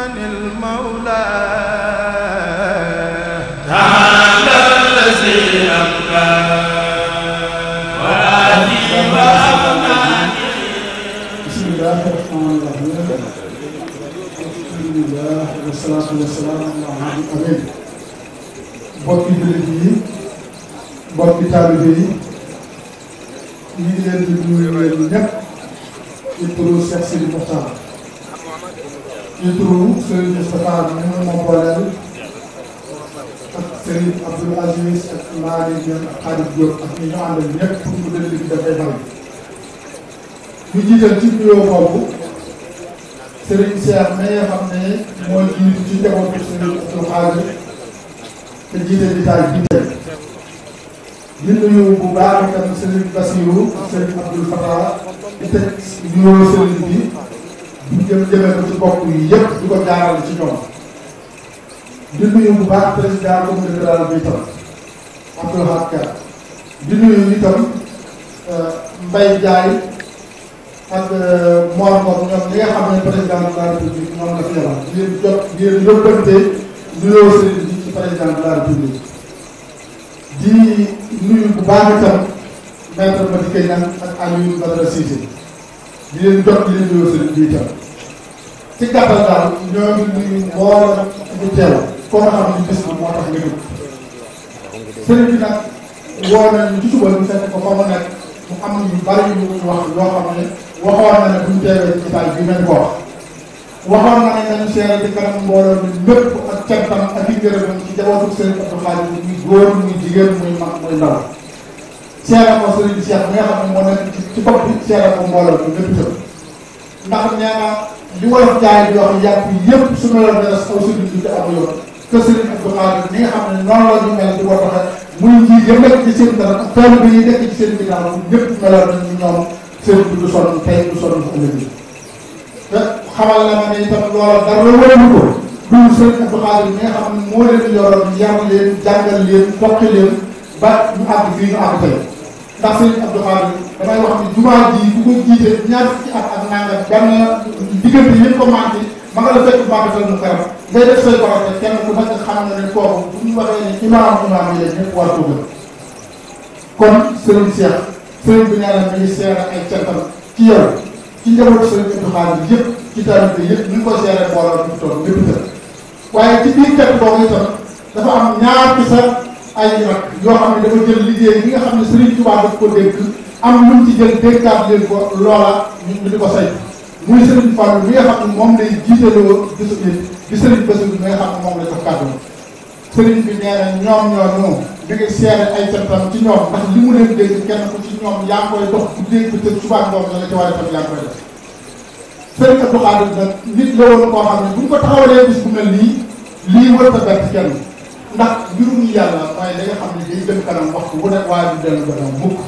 salaatu wa salaam ala amin bokki jullit yi bokki taalibe yi ñu ngi leen di nuyu ñëpp ci turu Cheikh Sidi Mokhtar ci turu Serigne Moustapha bi ñu ma booleel ak Serigne Abdoul Aziz ak Malick Dieng ak Khadim Diop ak ñi ñu àndal ñëpp pour mu dëgg bi dafay dal ñu jiital ci nuyoo boobu Serigne Cheikh ma nga xam ne moo jiitu ci njabootu Serigne Abdoul Khadim te jiite di taal jiite di nuyu bu baax itam Serigne Bassirou ak Serigne Abdoul Fatah di teg nuyoo Serigne bi jëm jëmee ko ci bokk yi yëpp di ko jaaral ci ñoom di nuyu bu baax président euh, ak euh, Mor de la république ñoom la fi yabal di leen jot di leen yóbbante nuyoo sëriñ bi ci président de la république bu baax itam maître Madické Niang ak Aliou Badara Cissé di leen jot ci gàttal daal ñoo ngi nuyu mboolem ñu teew koo xam ne bis bi moo tax nga jóg sëriñ bi nag woo nañu ci suba ñu fekk ko fa mu nekk mu am ñu bari ñu wax loo xam ne waxoon na ne bu ñu teewee ci baal bi nañ ko wax waxoon na ne nañu seere ci kanam mbooloo bi lépp ak cantam ak i ngërëmam ci jabootu sëriñ Abdou Khadre muy góor muy jigéen muy mag muy ndaw seere ko sëriñ Cheikh mi nga xam ne moo nekk ci bopp bi seere ko mbooloo bi lépp ndax nee li wolof jaay jox yàpp yëpp su ma la des aw di am yoon te sëriñ Abdou Khadre ni nga xam ne noonu la ñu mel di ko doxee muy bi du sonn tey du sonn fu ëllëg te xamal na ma ne itam loola dara wóolu ko dul sëriñ Abdou Khadre mi nga xam ne moo leen yoroon yar leen jàngal leen bokk leen ba ñu àgg fii ñu àgg tey ndax Serigne Abdou Khadre damay wax ni jumaa ji ku ko jiite ñaar ci at ak nangam benn diggante yi ko manqué ma nga la fekk baaxatal mu xeram ngay def say borote kenn ku na ne kooku bu ñu waxee ni imaam kon Serigne Cheikh Serigne bi nee na mi ngi ay cantam ci yow ci njabootu Serigne Abdou Khadre yëpp ci tamit bi yëpp ñu ngi ko seere booloo bi mu toll lépp waaye ci biir kat boobu itam ay mag yoo xam ne dafa jël liggéey bi nga xam ne Serigne Touba daf ko dégg am lu mu ci ñu ñu di ko say muy Serigne Fallou bi nga xam ne moom lay jiitaloo gisu bi di Serigne Bassirou bi nga xam ne moom la jox kàddu Serigne bi nee na ñoom ñoo ñu ngi seere ay tantam ci ñoom ndax li mu leen dégg kenn ku ci ñoom yaa ngi koy dox bu dégg subaa ngoon la la ci war a tam yaa ngi koy def Serigne Abdou Khadre nag nit la woon koo xam ne bu ñu ko taxawalee bis bu mel nii lii wër ta bett ndax mbirum yàlla mooy li nga xam ne day jëm kanam waxtu bu ne waaye du dellu gannaaw mukk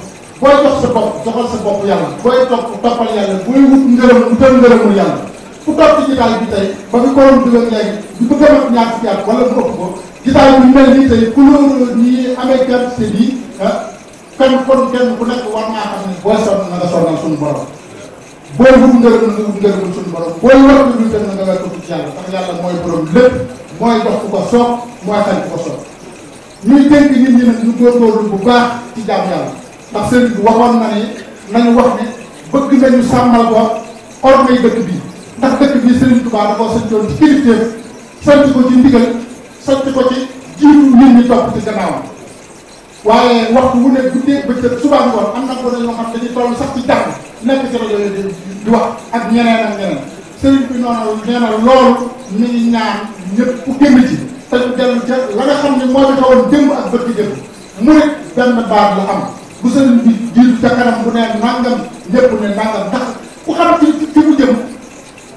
booy jox sa bopp joxal sa bopp yàlla booy topp toppal yàlla booy wut ngërëm wutal ngërëmul yàlla ku topp ci jotaay bi tey ba fi korom dugal léegi di ko gëm ak ñaar fukki at wala bu ëpp ko jotaay bu mel nii tey ku loolu nii amee quantité bi ah, kenn kon kenn ku nekk war naa xam ne booy sonn na nga sonnal suñu borom booy wut ngërëm na nga wut ngërëmul suñu borom booy wax lu dul dem na nga wekk ci yàlla ndax yàlla mooy borom lépp mooy jox ku ko soob mooy xañ ku ko soob ñuy dénk nit ñi nag ñu góorgóorlu bu baax ci jàmm yàlla ndax sëriñ bi waxoon na ne nañu wax ne bëgg nañu sàmmal ko or may dëkk bi ndax dëkk bi sëriñ Tuubaa da koo santoon ci kilifteef sant ko ci ndigal sant ko ci jiitu nit ñi topp ci gannaawam waaye waxtu wu ne guddee bëccëg am na ko dañoo xam dañuy toll sax ci jàpp nekk ci rajo di wax ak ñeneen ak ñeneen sëriñ bi noonu nee na loolu mi ñaan ñëpp ku génn ci te ñu dellu ca la nga xam ne moo la xawoon démb ak bët ki démb mu ne benn baat la am bu sëriñ bi jiitu ca bu ne nangam ñëpp ne nangam ndax ku xam ci fi mu jëm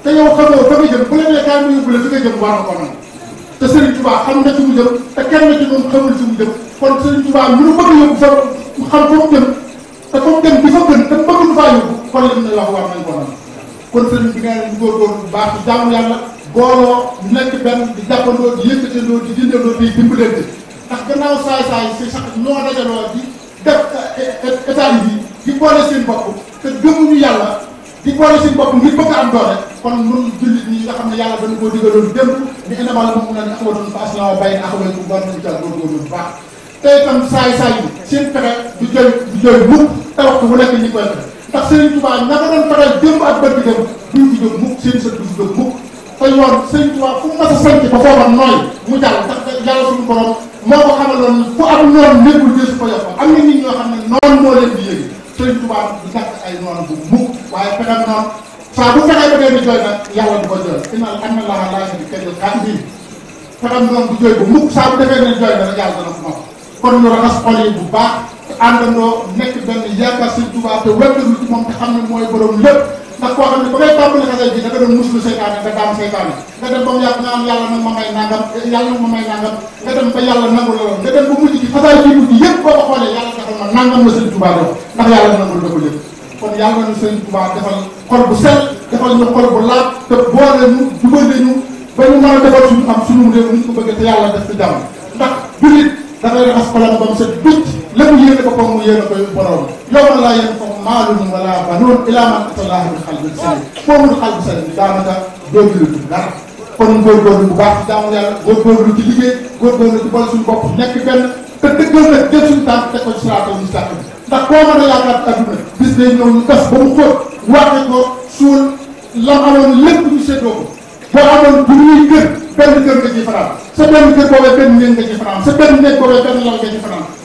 te yow xamoo fa nga jëm bu la nee kaay mu yóbbu la fi nga jëm war na ko man te Sëriñ Tuubaa xam na fi mu jëm te ci ñoom xamul fi mu jëm kon Sëriñ Tuubaa lu mu bëgg yóbbu xam fa mu jëm te fa mu jëm di fa gën te bëgg du faa yóbbu kon la ñu ne wax war kon sëriñ bi nga ne góorgóorlu bu baax jaamu yàlla booloo nekk benn di jàppandoo di yëkkatandoo di dindandoo di dimbalante ndax gannaaw di def eh, eh, état di boole seen nga xam ne yàlla dañu koo digaloon démb doon baax te itam saay-saay yi seen pexe du joy du joy mukk te waxtu bu nekk ñi koy fexe ndax Serigne Touba ña ko doon fexeel démb yoon sëñ Tuubaa fu mas a sanc ba foofa nooy mu jàll ndax yàlla suñu borom moo ko xamaloon fu am noonu nekkul deesu ko yokk am na nit ñoo xam ne noonu moo leen di yëge sëñ Tuubaa du dakk ay noonu bu mukk waaye fexem noonu saa bu fexee ba dee di jooy nag yàlla du ko jooy inna am na laa laa di kenn xaat bii fexem noonu du jooy bu mukk saa bu defee ne jooy na rek yàlla dana ko mokk kon ñu raxas xol yi bu baax te àndandoo nekk benn yaakaar sëñ Tuubaa te wér ci moom te xam ne mooy borom lépp ndax koo xam ne ba ngay tàmbali xasal bi da nga doon muslu seytaane nga daan seytaane nga dem ba mu yàgg nga am yàlla nag ma may nangam yàlla nag ma may nangam nga dem ba yàlla nangu la lool nga kon yàlla na sëñ Tuubaa defal xol bu sell defal ñu xol bu laaj te boole ñu jubale ñu ba ñu mën a suñu am suñu réew ñu ko bëgg te yàlla def ci jàmm ndax jullit dafay raxas xolam ba mu set la mu yéene boppam mu yéene koy borom yawma laa yanfa'u maalun wala banuun illaa man ata Allaaha bi qalbin saliim boomul qalbu saliim daanaka dootul dara kon góorgóorlu bu baax ci jaamu yàlla góorgóorlu ci liggéey góorgóorlu ci boole suñu bopp nekk benn te dëggal nag jël suñu tànk teg ko ci siraatal mustaqiim ndax koo mën a yaakaar adduna bis day ñëw ñu gas ba mu xóot waate ko suul lam amoon lépp ñu seddoo ko boo amoon bu ñuy kër benn kër nga ci fanaan sa benn benn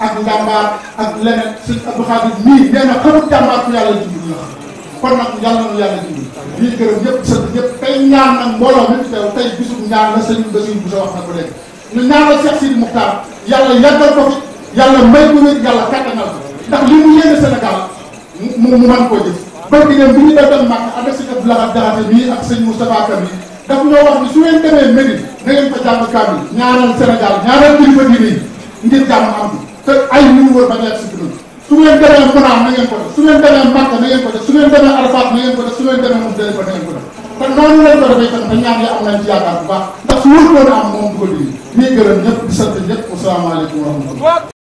ak njàmbaar ak leneen suñu Abdou Khadir nii nee na xamul jàmbaar ku yàlla jublu la a nag yàlla na yàlla jublu lii gërëm ñëpp sant a tey ñaan nag mbooloo mi teew tey bisub ñaan la sëñ Bassirou Bousso wax na ko léegi ñu ñaanal Cheikh a Moukhtar yàlla yàggal ko fi yàlla may ko wér yàlla kattanal ko ndax li mu yéene Sénégal mu mu mën koo jëf barki ne bi ñu def dem màkk avec sëñ Abdou Lahad Jaxate bii ak sëñ Moustapha Kam yi daf ñoo wax ni su ngeen demee Médine na te ay mënu woon bañ a si dund su ngeen demee Muna na ngeen ko def su ngeen demee Màkka na ngeen ko def su ngeen demee Arafat na ngeen ko def su ngeen demee Muzdalifa na ngeen ko def te noonu lañ ko defee tam te ñaan ya am nañ ci yaakaar bu baax ndax su wër woon a am moom du ko déglu ñuy gërëm ñëpp di sant ñëpp wasalaamaaleykum wa rahmatullah